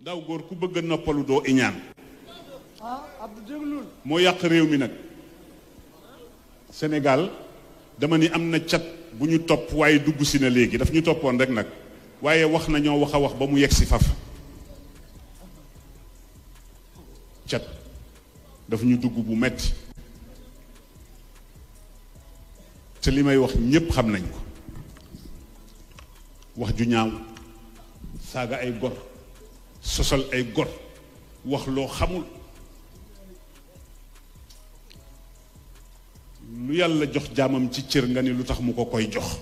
ndaw góor ku bëgg noppalu doo iñaan ah, moo yàq réew mi nag Sénégal dama ni am na cat bu ñu topp waaye dugg si na léegi daf ñu toppoon rek nag waaye wax nañoo wax a wax ba mu yegg si faf cat daf ñu dugg bu metti te li may wax ñépp xam nañ ko wax ju ñaaw saaga ay gor sosal ay got wax loo xamul lu yàlla jox jaamam ci cër nga ni lu tax mu ko koy jox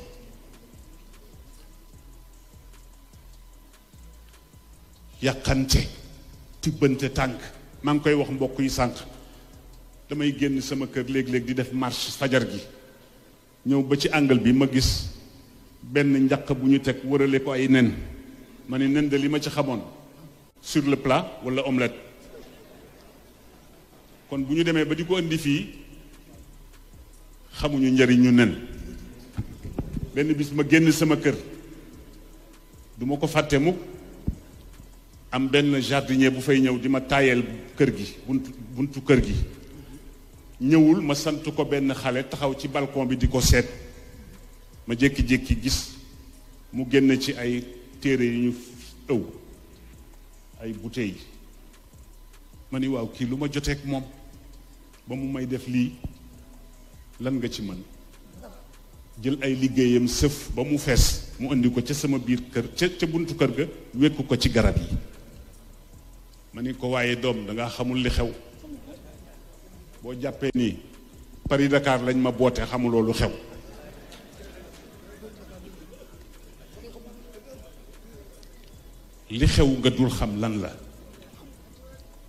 yàqante tibbante tànk maa ngi koy wax mbokk yi sànq damay génn sama kër léeg-léeg di def marche fajar gi ñëw ba ci angle bi ma gis benn njaq bu ñu teg wërale ko ay nen ma ne nen de ma ci xamoon sur le plat wala omelette kon bu ñu demee ba di ko indi fii xamuñu njariñ ñu nen benn bis ma génn sama kër duma ko fàtte mukk am benn jardinier bu fay ñëw di ma taayeel kër gi buntu kër gi ñëwul ma sant ko benn xale taxaw ci balcon bi di ko seet ma jékki-jékki gis mu génn ci ay téere yu ñu ëw ay bouteilles ma ni kii lu ma joteeg moom ba mu may def lii lan nga ci mën jël ay liggéeyam sëf ba mu fees mu indi ko ca sama biir kër ca ca buntu kër ga wékku ko ci garab yi ma ni ko waaye doom da nga xamul li xew boo jàppee ni Paris Dakar lañ ma boote xamuloo lu xew li xew nga dul xam lan la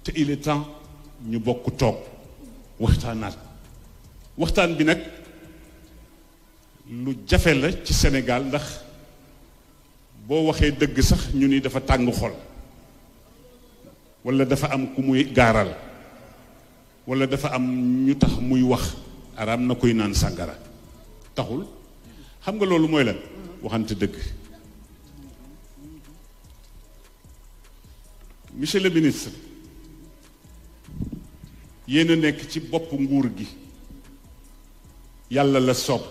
te il est temps ñu bokk toog waxtaanaat waxtaan bi nag lu jafe la ci Sénégal ndax boo waxee dëgg sax ñu ni dafa tàng xol wala dafa am ku muy gaaral wala dafa am ñu tax muy wax araam na koy naan sàngara taxul xam nga loolu mooy lan waxante dëgg monsieur le ministre yéen a nekk ci bopp nguur gi yàlla la soob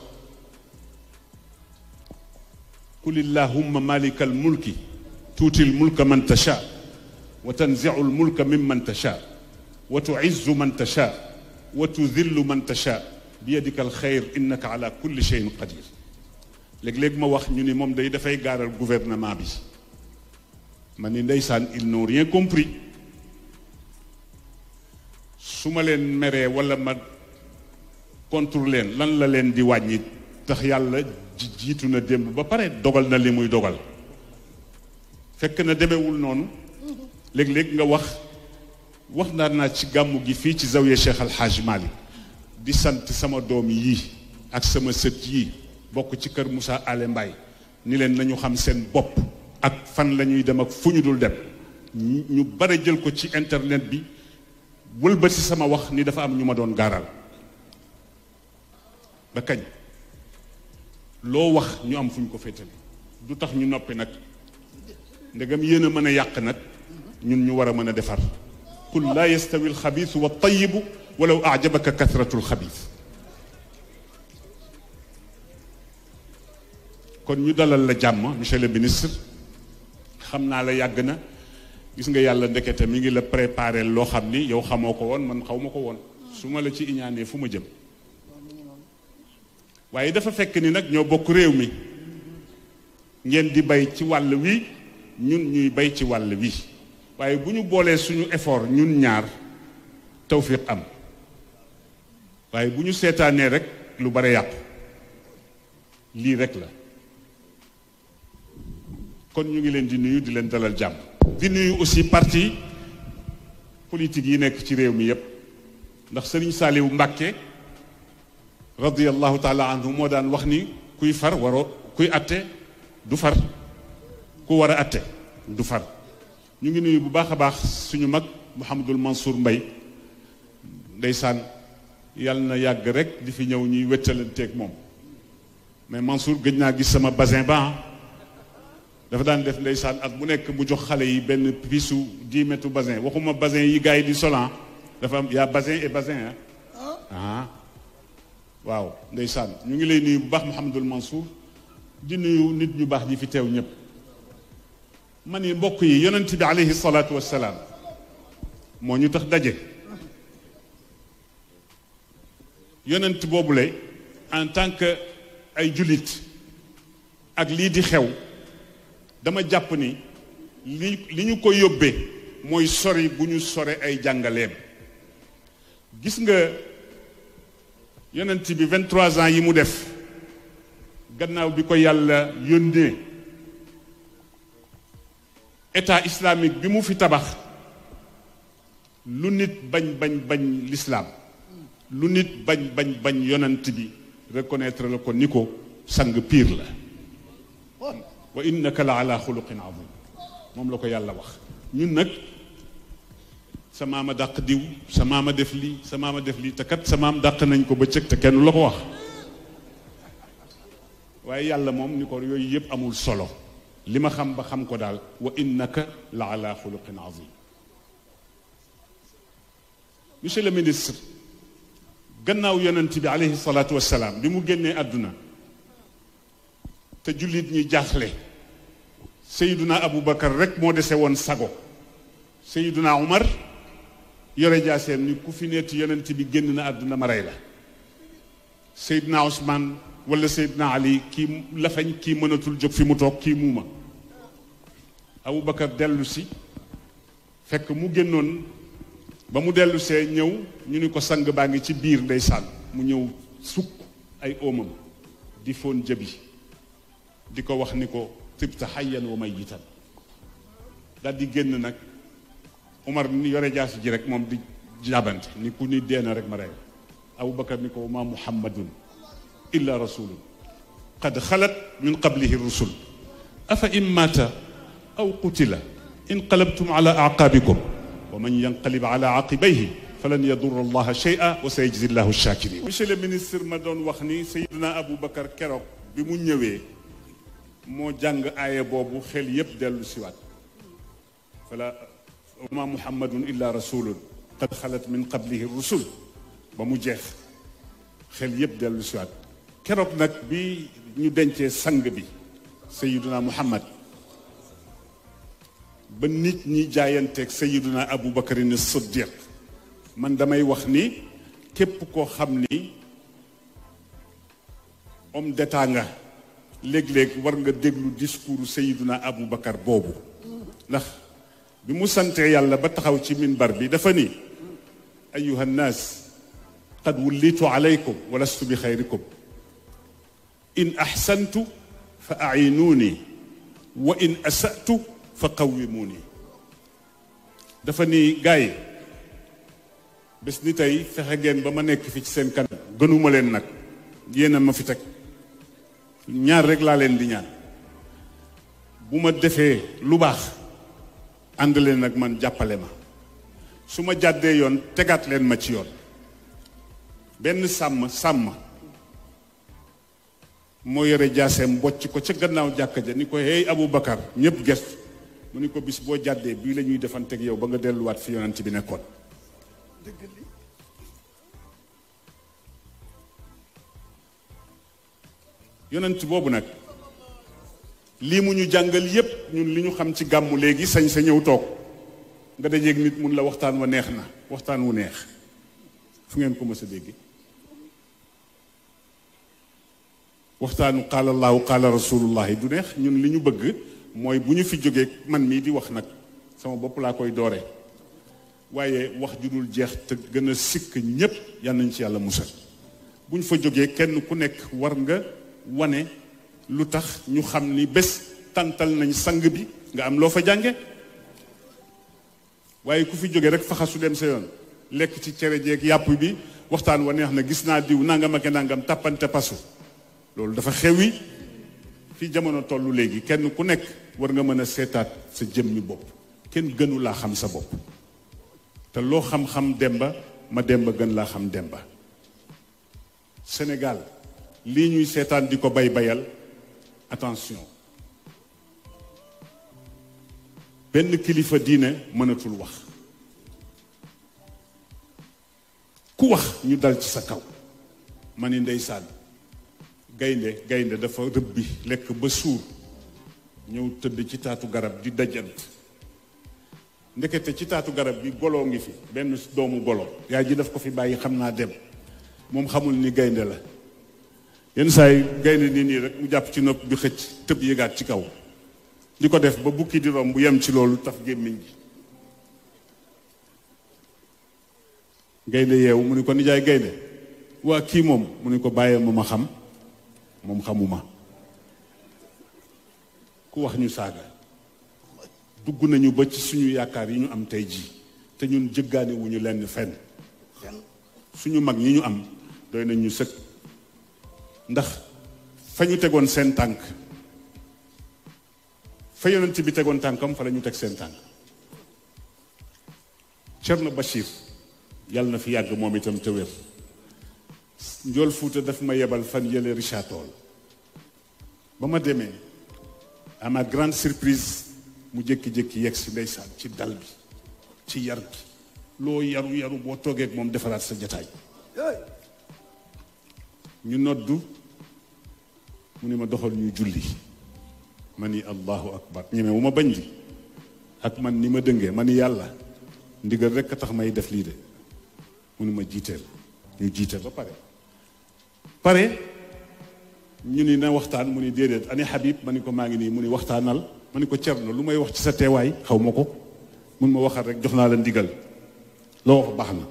qul illahumma malika al mulki tuuti al mulka man tasha wa tanziu al mulka mimman tasha wa tuizzu man tasha wa tudillu man tasha biyadika al xayr innaka ala kulli cheyin qadir léeg-léeg ma wax ñu ni moom day dafay gaaral gouvernement bi ma ni ndeysaan ils n'ont rien compris su ma leen meree wala ma contre leen lan la leen di wàññi tax yàlla jiitu na démb ba pare dogal na li muy dogal fekk na demewul noonu léeg-léeg nga wax wax naa naa ci gàmmu gi fii ci zawiya Cheikh Al Hadj di sant sama doom yii ak sama sët yii bokk ci kër Moussa Ale mbay ni leen nañu xam seen bopp ak fan lañuy dem ak fuñu dul dem ñu bari jël ko ci internet bi ci sama wax ni dafa am ñu ma doon gaaral ba kañ loo wax ñu am fuñ ko féetale du tax ñu noppi nag ndegam yéen a mën a yàq nag ñun ñu war a mën a defar qul la yastawi alxabiisu wa tayibu walaw ajabaka kasratu alxabiis kon ñu dalal la jàmm monsieur le ministre xam naa la yàgg na gis nga yàlla ndekete mi ngi la préparé loo xam ni yow xamoo ko woon man xaw ma ko woon su ma la ci iñaanee fu ma jëm waaye dafa fekk ni nag ñoo bokk réew mi ngeen di bay ci wàll wi ñun ñuy bay ci wàll wi waaye bu ñu boolee suñu effort ñun ñaar tawfiq am waaye bu ñu seetaanee rek lu bare yàqu lii rek la kon ñu ngi leen di nuyu di leen dalal jàmm di nuyu aussi parti politique yi nekk ci réew mi yépp ndax sëriñ Saaliwu Mbàkke radiyallahu taala anhu moo daan wax ni kuy far waroo kuy atte du far ku war a atte du far ñu ngi nuyu bu baax a baax suñu mag Mouhamadul Mansour Mbay ndeysaan yàlla na yàgg rek di fi ñëw ñuy wéttalanteeg moom mais Mansour gëj naa gis sama basin ba dafa daan def ndeysaan at bu nekk mu jox xale yi benn pisu 10 mètres basin waxuma basin yi gars yi di solan dafa am yaa basin et basin ah waaw ndeysaan ñu ngi lay nuyu bu baax Mouhamadul Mansour di nuyu nit ñu baax ñi fi teew ñëpp ma ni mbokk yi yonent bi alayhi salaatu wassalaam moo ñu tax daje yonent boobule en tant que ay jullit ak lii di xew dama japp ni li moisi ñu ko yóbbee mooy sori bu ñu sore ay jàngaleem gis nga yonent bi 23 ans yi mu def gannaaw bi ko yàlla yónnee état islamique bi mu fi tabax lu nit bañ bañ bañ l'islam lu nit bañ bañ bañ yonent reconnaître la ko ko sang pire la وإنك لعلى خلق عظيم موم لاكو يالا واخ ني نك سماما داق ديو سماما ديف لي سماما ديف لي تا كات سمام داق نانكو بيتك تا كين لاكو واخ واي يالا موم نيكو يوي ييب امول سولو لما خم بخم كودال وإنك لعلى خلق عظيم مشي لمينيستر غناو يونتي بي عليه الصلاه والسلام بيمو генي ادنا te jullit ñi jaaxle Seyduna Aboubacar rek moo dese woon sago Seyduna Umar yore jaaseen ni ku fi neeti yonent bi génn na àdduna ma la Seyduna Ousmane wala Seyduna Ali kii lafañ ki mënatul jóg fi mu toog kii muuma Aboubacar dellu dellusi fekk mu génnoon ba mu dellusee ñëw ñu ni ko sang baa ngi ci biir ndeysaan mu ñëw sukk ay oomam di foon jëbi diko wax ni ko tibta hayyan wa mayitan dal di génn nak Umar ni yore jaasi ji rek mom di jabante ni ku ni deena rek ma rey Abubakar ni ko ma muhammadun illa rasul qad khalat min qablihi rusul afa in aw qutila in انقلبتم على اعقابكم ومن ينقلب على عقبيه فلن يضر الله شيئا وسيجزي الله الشاكرين مشي لي مينستر ma doon wax ni Seydina Aboubacar keroog bi mu mo jàng aaya bobu xel yépp ci wat fala umma muhammadun illa rasulun qad khalat min qablihi rusul ba mu jeex xel yépp ci wat kérok nak bi ñu dencé sang bi sayyiduna muhammad ba nit ñi jaayante jaayanteeg sayiduna abu ni siddiq man damay wax ni képp koo xam ni homme d'état nga léeg-léeg war nga déglu discours Seydina Aboubacar boobu ndax bi mu sante yàlla ba taxaw ci minbar bi dafa ni ayuha nnaas qad wullitu alaykum wa lastu bi xayrikum in axsantu fa ayinuuni wa in asatu fa qawimuuni dafa ni gaay bés ni tey fexe ngeen ba ma nekk fi ci seen kanam gënuma leen nag yéen a ma fi teg ñaar rek laa leen di ñaan bu ma defee lu baax ànd leen ak man jàppale ma su ma jàddee yoon tegaat leen ma ci yoon benn sàmm sàmm moo yore jaaseem bocc ko ca gannaaw jàkka ja ni ko hey bakar ñëpp gestu mu ni ko bis boo jàddee bii la ñuy defanteeg yow ba nga delluwaat fi yonent bi nekkoon yonent boobu nag lii mu ñu jàngal yépp ñun li ñu xam ci gàmmu léegi sañ sa ñëw toog nga dajeeg nit mun la waxtaan wa neex na waxtaan wu neex fu ngeen ko mës dégg waxtaanu qaala allahu qaala rasulullahi du neex ñun li ñu bëgg mooy bu ñu fi jógee man mii di wax nag sama bopp laa koy doore waaye wax ju dul jeex te gën a sikk ñépp nañ ci yàlla musal bu ñu fa jógee kenn ku nekk war nga wane lutax ñu xam ni bés tantal nañ sang bi nga am loo fa jànge waaye ku fi jóge rek faxasu dem sa yoon lekk ci cere jeeg yàpp bi waxtaan wa neex na gis naa diw nangam ak nangam tapante pasu loolu dafa xewi fi jamono tollu léegi kenn ku nekk war nga mën a seetaat sa mi bopp kenn gënu laa xam sa bopp te loo xam-xam demba ma demba gën laa xam demba sénégal lii ñuy seetaan di ko bay bayal attention benn kilifa diine mënatul wax ku wax ñu dal ci sa kaw ma ni ndeysaan gaynde gaynde dafa rëbbi lekk ba suur ñëw tëdd ci taatu garab di dajant ndekete ci taatu garab bi golo ngi fi benn doomu golo yaay ji daf ko fi bàyyi xam naa dem moom xamul ni gaynde la yenn saa yi nit nii rek mu jàpp ci nopp bi xëcc tëb yëgaat ci kaw di ko def ba bukki di romb bu yem ci loolu taf gémmiñ gi gayne yeewu mu ni ko nijaay gayne waa kii moom mu ni ko bàyyee ma ma xam moom xamuma ku wax ñu saaga dugg nañu ba ci suñu yaakaar yi ñu am tey jii te ñun jëggaane wuñu lenn fenn suñu mag ñi ñu am doy nañ ñu sëkk ndax fa ñu tegoon seen tànk fa yonent bi tegoon tànkam fa la ñu teg seen tànk Cerno bashir yàlla na fi yàgg moom itam te njool fuuta daf ma yebal fan yële Richard Toll ba ma demee am ma grande surprise mu jékki-jékki yegg si ndeysaan ci dal bi ci yar bi loo yaru yaru boo toogee moom defaraat sa jataay ñu noddu mu ne ma doxal ñu julli ma ni allahu akbar ñeme wu ma bañ li ak man ni ma dëngee ma ni yàlla ndigal rek tax may def lii de mu ma jiiteel ñu jiiteel ba pare pare ñu ni na waxtaan mu ni déedéet ani Habib ma ni ko maa ngi nii mu ni waxtaanal ma ni ko cerno lu may wax ci sa teewaay xaw ma ko mun ma waxal rek jox naa la ndigal loo wax baax na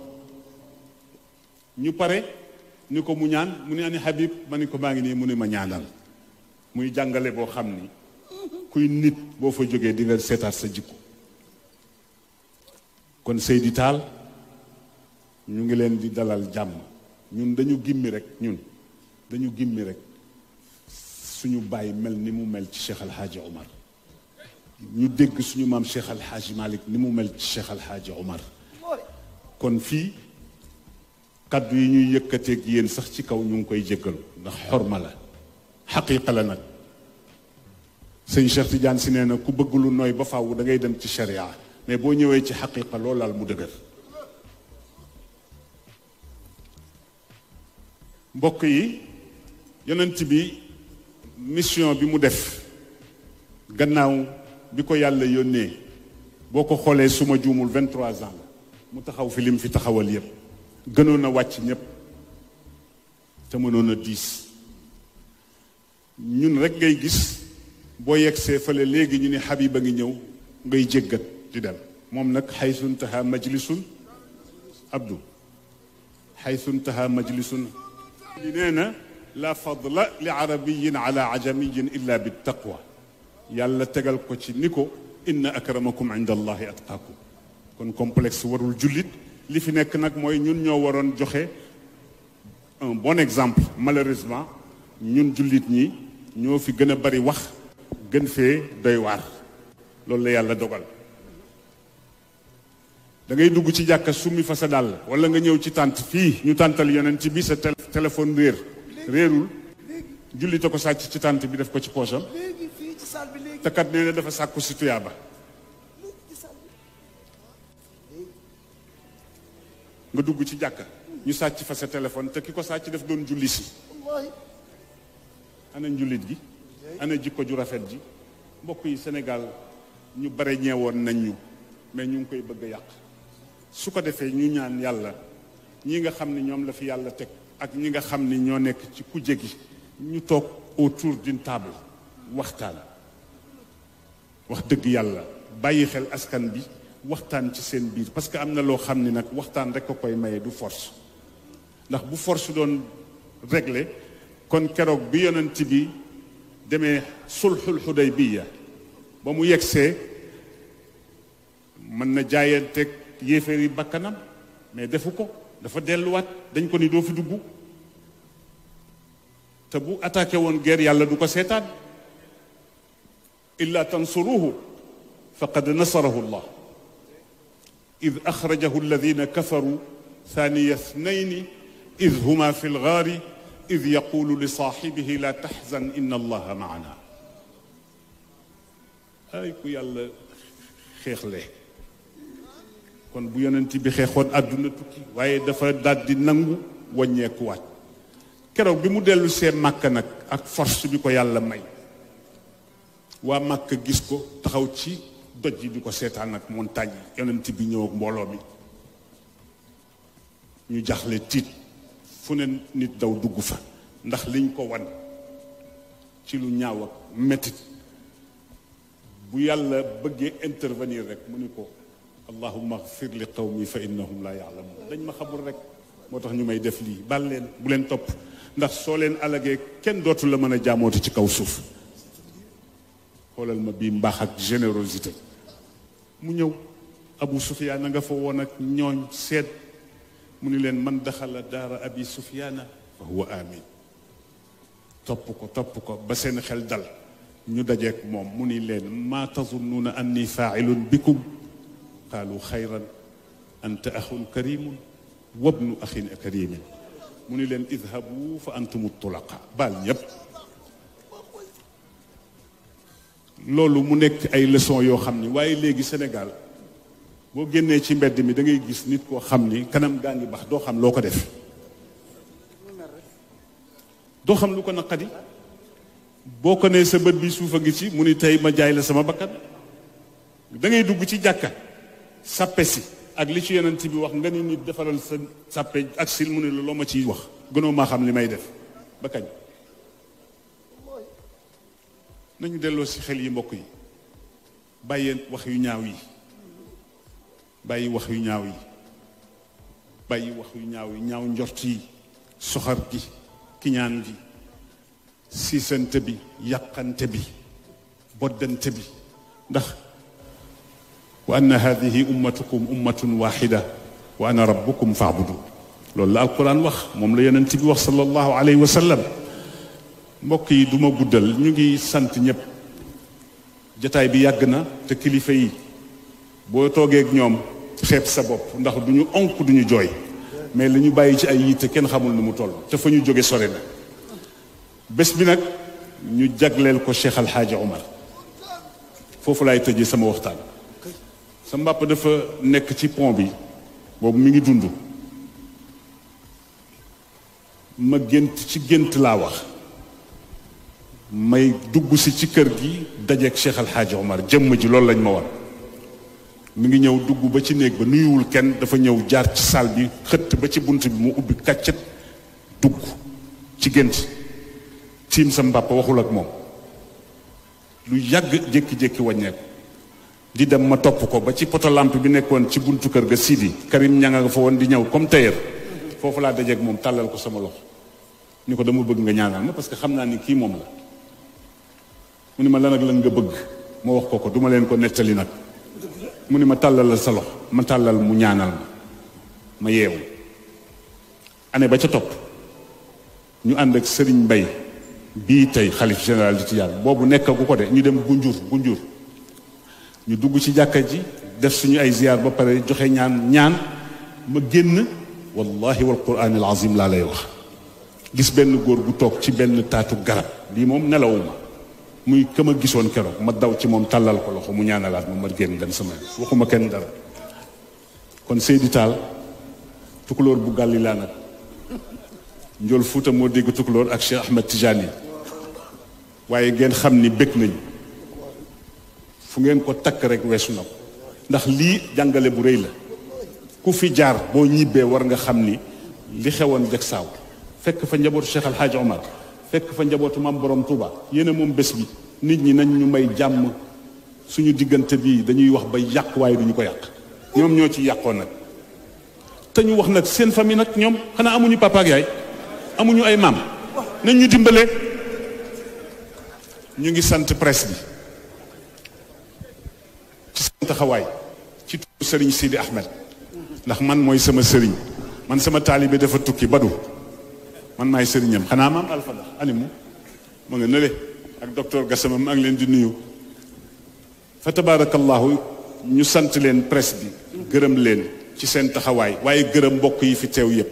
ñu pare ni ko mu ñaan mu ni ani Habib ma ni ko maa ngi nii mu ni ma ñaanal muy jàngale boo xam ni kuy nit boo fa jógee di nga seetaat sa jikko kon Seydi Taal ñu ngi leen di dalal jàmm ñun dañu gimmi rek ñun dañu gimmi rek suñu bàyyi mel ni mu mel ci Cheikh Al Hadj Omar ñu dégg suñu maam Cheikh Al malik ni mu mel ci Cheikh Al Omar kon fii kaddu yi ñuy yëkkateeg yéen sax ci kaw ñu ngi koy jéggalu ndax xorma la xaqiqa la nag sëñ Cheikh Tidiane si nee na ku bëgg lu nooy ba faaw da ngay dem ci sharia mais boo ñëwee ci xaqiqa loolu laal mu dëgër mbokk yi yonent bi mission bi mu def gannaaw bi ko yàlla yónnee boo ko xoolee suma juumul 23 ans la mu taxaw fi lim fi taxawal yépp gënoon a wàcc ñëpp te mënoon a diis ñun rek ngay gis boo yegsee fële léegi ñu ni Habiba ngi ñëw ngay jéggat di dem moom nag xaysun taha majlisun abdu xaysun taha majlisun li nee na la fadla li arabiyin ala ajamiyin illa bi taqwa yàlla tegal ko ci ni ko inna akramakum inda allahi atqaakum kon complexe warul jullit li fi nekk nag mooy ñun ñoo waroon joxe un bon exemple malheureusement ñun jullit ñi ñoo fi gën a bari wax gën fee doy waar loolu la yàlla dogal dangay dugg ci jàkka summi fa sa dàll wala nga ñëw ci tànt fii ñu tàntal yonent bi sa téléphone réer réerul jullite ko sàcc ci tànt bi def ko ci poosam te kat nee dafa sàkku si tuyaaba nga dugg ci jàkka ñu sàcc fa sa téléphone te ki ko sàcc daf doon julli si ana njulit gi ana jikko ju rafet ji mbokk yi senegal ñu bare ñeewoon nañ ñu mais ñu ngi koy bëgg a yàq su ko defee ñu ñaan yàlla ñi nga xam ni ñoom la fi yàlla teg ak ñi nga xam ni ñoo nekk ci kuje gi ñu toog autour d'une table waxtaan wax dëgg yàlla bàyyi xel askan bi waxtaan ci seen biir parce que am na loo xam ni nag waxtaan rek ko koy maye du force ndax bu force doon régler kon keroog bi yonent bi demee sulxul xudaybiya ba mu yegsee mën na jaayanteeg yéeféer yi bakkanam mais defu ko dafa delluwaat dañ ko ni doo fi dugg te bu attaqué woon guerre yàlla du ko seetaan illa tansuruhu faqad nasarahu allah إذ أخرجه الذين كفروا ثاني اثنين إذ هما في الغار إذ يقول لصاحبه لا تحزن إن الله معنا أيكو يال خيخ لي كون بو يوننتي بي خيخون ادنا توكي واي داد دي نانغو وانيكو وات كرو بي سي مكه نك اك فورس بي كو يالا ماي وا مكه غيسكو تخاو doj yi di ko seetaan ak montagne yi yonent bi ñëw ak mbooloo mi ñu jaxle tiit fu ne nit daw dugg fa ndax liñ ko wan ci lu ñaaw ak mettit bu yàlla bëggee intervenir rek mu ni ko allahumma xfir li qawmi fa innahum la yaalamun dañ ma xamul rek moo tax ñu may def lii bal leen bu leen topp ndax soo leen alagee kenn dootu la mën a jaamooti ci kaw suuf xoolal ma bii mbaax ak générosité mu ñëw abu sufyan nga fa woon ak ñooñ seet mu ni leen man daxala daara abi sufiyaana fa huwa amin topp ko topp ko ba seen xel dal ñu dajeek moom mu ni leen ma tazunnuuna anni fa'ilun bikum qalu khayran anta axun karimun wabnu akhin karimin mu ni leen idhabu fa antum at tulaqa bal ñëpp loolu mu nekk ay leçon yoo xam ni waaye léegi Sénégal boo génnee ci mbedd mi da ngay gis nit koo xam ni kanam gaa ngi bax doo xam loo ko def doo xam lu ko naqadi boo ko nee sa bët bi suuf a ngi ci mu ni tey ma jaay la sama bakkan da ngay dugg ci jàkka sàppe si ak li ci yonent bi wax nga ni nit defaral sa sàppe ak sil mu ne la loo ma ciy wax gënoo maa xam li may def ba kañ nañu delloo si xel yi mbokk yi bàyyi wax yu ñaaw yi bàyyi wax yu ñaaw yi bàyyi wax yu ñaaw yi ñaaw njort yi soxar gi kiñaan gi siisante bi yàqante bi boddante bi ndax wa anna hadihi ummatukum ummatun waxida wa ana rabbukum faabudu loolu la alquran wax moom la yonent bi wax sallallahu alayhi wa sallam mbokk yi duma guddal ñu ngi sant ñëpp jataay bi yàgg na te kilifa yi boo toogeek ñoom xeeb sa bopp ndax duñu onk duñu ñu jooy mais li ñu bàyyi ci ay yitte kenn xamul nu mu toll te fa ñu jóge sore na bés bi nag ñu jagleel ko Cheikh Al Hadj Omar foofu laay tëjee sama waxtaan sa mbàpp dafa nekk ci pont bi boobu mu ngi dund ma gént ci gént laa wax may dugg si ci kër gi dajeeg cheikh alxaaji omar jëmm ji loolu lañ ma war mi ngi ñëw dugg ba ci néeg ba nuyuwul kenn dafa ñëw jaar ci salle bi xëtt ba ci bunt bi mu ubbi kàccat dugg ci gént tiim sa mbàpp waxul ak moom lu yàgg jékki-jékki wàññeeku di dem ma topp ko ba ci poto lamp bi nekkoon ci buntu kër ga sidi karim ñanga nga fa woon di ñëw comme tailleur foofu laa dajeeg moom tàllal ko sama lox ni ko dama bëgg nga ñaanal ma parce que xam ni kii moom la mu ni ma lan ak lan nga bëgg ma wax ko ko duma leen ko nettali nag mu ni ma tàllalal sa lox ma tàllal mu ñaanal ma ma yeewu année ba ca topp ñu ànd ak sëriñ mbay bii tey xalif général di Tijaan boobu nekkagu ko de ñu dem gunjur gunjur ñu dugg ci jàkka ji def suñu ay ziar ba pare joxe ñaan ñaan ma génn wallahi wal quran al azim laa lay wax gis benn góor gu toog ci benn taatu garab lii moom nelawuma muy kama ma gisoon keroog ma daw ci moom tàllal ko loxo mu ñaanalaat ma ma génn dem sama waxuma kenn dara kon Seydi Tall tukulóor bu gàlli laa nag njool Fuuta moo dégg tukulóor ak Cheikh Ahmed Tidiane waaye ngeen xam ni bëgg nañu fu ngeen ko takk rek weesu na ndax lii jàngale bu rëy la ku fi jaar boo ñibbee war nga xam ni li xewoon jag saaw fekk fa njaboot Cheikh Alhaaj Omar fekk fa njabootu mam borom tuuba yéen moom bés bi nit ñi nañ ñu may jàmm suñu diggante bi dañuy wax ba yàq waaye duñu ko yàq ñoom ñoo ci yàqoon nag te ñu wax nag seen famille nag ñoom xanaa amuñu papa ak yaay amuñu ay maam nañ ñu dimbale ñu ngi sant presse bi ci seen taxawaay ci sëriñ sidi ahmed ndax man mooy sama sëriñ man sama taalibe dafa tukki badu man maay sëriñam xanaa maam Alpha ndax animu ma ak docteur Gassama maa ngi leen di nuyu fa tabaarakallaahu ñu sant leen presse bi gërëm leen ci seen taxawaay waaye gërëm mbokk yi fi teew yépp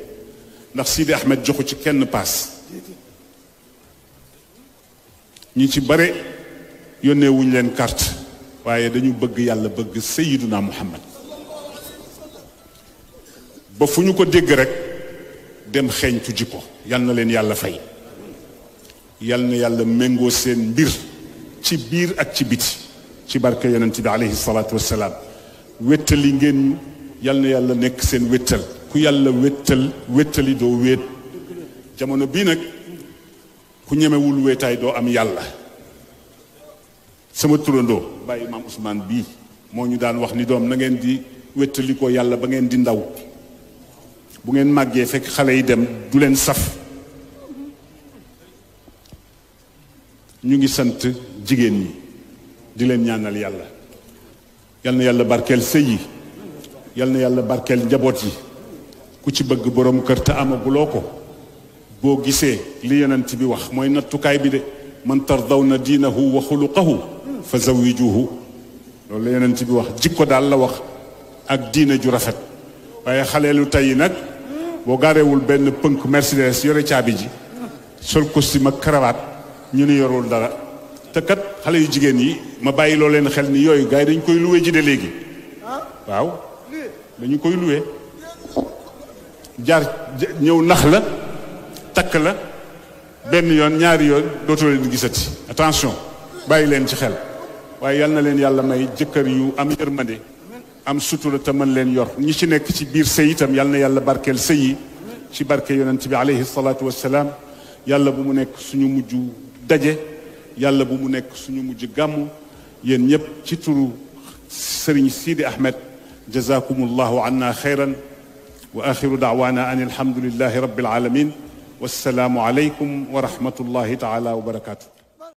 ndax Sidi Ahmed joxu ci kenn paas ñi ci bare yónnee leen carte waaye dañu bëgg yàlla bëgg Seyyiduna Muhammad ba fu ñu ko dégg rek dem xeeñtu ji ko yal na leen yàlla fay yal na yàlla méngoo seen mbir ci biir ak ci biti ci barke yonent bi aleyhi salaatu wassalaam wéttali ngeen yal na yàlla nekk seen wéttal ku yàlla wéttal wéttali doo wéet jamono bii nag ku ñemewul wéetaay doo am yàlla sama turandoo bàyyi maam Ousmane bii moo ñu daan wax ni doom na di wéttali ko yàlla ba ngeen di ndaw bu ngeen màggee fekk xale yi dem du leen saf ñu ngi sant jigéen ñi di leen ñaanal yàlla yal na yàlla barkeel sëy yi yal na yàlla barkeel njaboot yi ku ci bëgg borom kër te amaguloo ko boo gisee li yonent bi wax mooy nattukaay bi de man tardawna diinahu wa xuluqahu fa zawijuhu loolu la yonent bi wax jikko daal la wax ak diina ju rafet waaye xaleelu tey nag boo gaarewul benn pënk Mercedes yore caabi ji sol costume ak cravate ñu ni yorul dara te kat xale yu jigéen yi ma bàyyi loo leen xel ni yooyu gars yi dañ koy luwe ji de léegi waaw dañu koy luwe jaar ñëw nax la takk la benn yoon ñaari yoon dootoo leen gisati attention bàyyi leen ci xel waaye yal na leen yàlla may jëkkër yu am yërmande am sutura te mën leen yor ñi ci nek ci bir sëy itam yal yàlla barkel sëy yi ci barke yonent bi alayhi salatu wassalam yàlla bu mu nek suñu muju dajje yàlla bu mu nek suñu muju gàmm yéen ñep ci turu serigne Sidi Ahmed jazakumullahu anna khairan wa akhir da'wana an alhamdulillahi rabbil alamin والسلام عليكم ورحمه الله تعالى وبركاته